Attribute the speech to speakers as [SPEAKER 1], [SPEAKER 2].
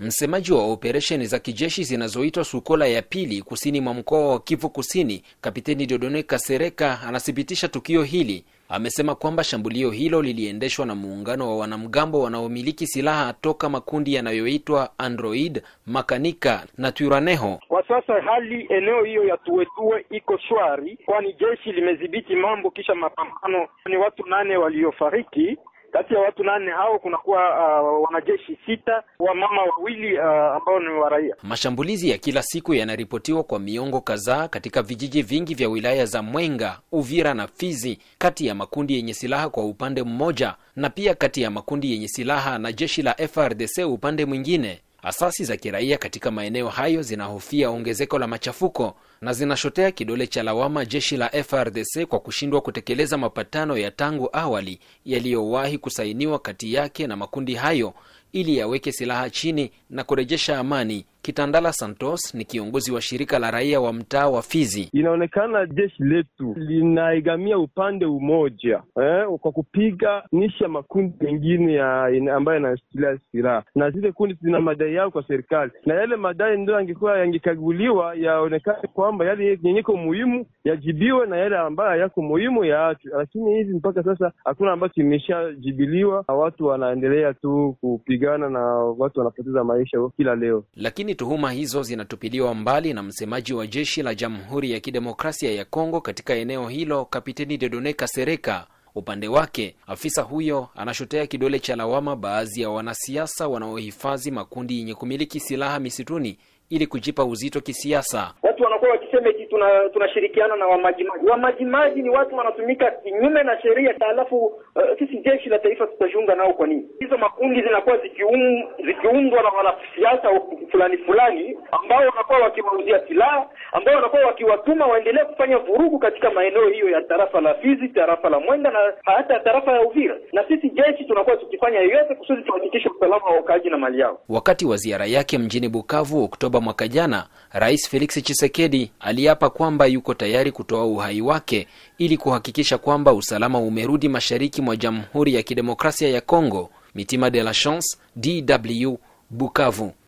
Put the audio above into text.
[SPEAKER 1] Msemaji wa operesheni za kijeshi zinazoitwa Sukola ya pili kusini mwa mkoa wa Kivu Kusini, Kapiteni Dodone Kasereka anathibitisha tukio hili. Amesema kwamba shambulio hilo liliendeshwa na muungano wa wanamgambo wanaomiliki silaha toka makundi yanayoitwa Android, Makanika na Twiraneho.
[SPEAKER 2] Kwa sasa hali eneo hiyo ya Tuwetue iko shwari, kwani jeshi limedhibiti mambo kisha mapambano. Ni watu nane waliofariki kati ya watu nane hao kunakuwa uh, wanajeshi sita, wamama wawili uh, ambao ni waraia.
[SPEAKER 1] Mashambulizi ya kila siku yanaripotiwa kwa miongo kadhaa katika vijiji vingi vya wilaya za Mwenga, Uvira na Fizi, kati ya makundi yenye silaha kwa upande mmoja, na pia kati ya makundi yenye silaha na jeshi la FRDC upande mwingine. Asasi za kiraia katika maeneo hayo zinahofia ongezeko la machafuko na zinashotea kidole cha lawama jeshi la FRDC kwa kushindwa kutekeleza mapatano ya tangu awali yaliyowahi kusainiwa kati yake na makundi hayo ili yaweke silaha chini na kurejesha amani. Kitandala Santos ni kiongozi wa shirika la raia wa mtaa wa Fizi.
[SPEAKER 3] Inaonekana jeshi letu linaigamia upande umoja eh, kwa kupiga nisha makundi mengine ambayo yanashikilia silaha na zile kundi zina madai yao kwa serikali, na yale madai ndio yangekuwa yangekaguliwa, yaonekane kwamba yale yenye muhimu yajibiwe na yale ambayo hayako muhimu yaachwe. Lakini hivi mpaka sasa hakuna ambacho imeshajibiliwa, watu wanaendelea tu kupiga kugawana na watu wanapoteza maisha kila leo.
[SPEAKER 1] Lakini tuhuma hizo zinatupiliwa mbali na msemaji wa jeshi la Jamhuri ya Kidemokrasia ya Kongo katika eneo hilo, Kapiteni dedone Kasereka. Upande wake afisa huyo anashotea kidole cha lawama baadhi ya wanasiasa wanaohifadhi makundi yenye kumiliki silaha misituni ili kujipa uzito kisiasa.
[SPEAKER 2] Watu wanakuwa wakisema eti tunashirikiana tuna na wamajimaji. Wamajimaji ni watu wanatumika kinyume na sheria, alafu uh, sisi jeshi la taifa tutajiunga nao kwa nini? Hizo makundi zinakuwa zikiundwa na wanasiasa fulani fulani ambao wanakuwa wakiwauzia silaha, ambao wanakuwa wakiwatuma waendelee kufanya vurugu katika maeneo hiyo ya tarafa la Fizi, tarafa la Mwenga na hata tarafa ya Uvira, na sisi jeshi tunakuwa kufanya yote kusudi tuhakikishe usalama wa ukaaji na mali yao.
[SPEAKER 1] Wakati wa ziara yake mjini Bukavu Oktoba mwaka jana, Rais Felix Tshisekedi aliapa kwamba yuko tayari kutoa uhai wake ili kuhakikisha kwamba usalama umerudi mashariki mwa Jamhuri ya Kidemokrasia ya Kongo. Mitima de la Chance, DW, Bukavu.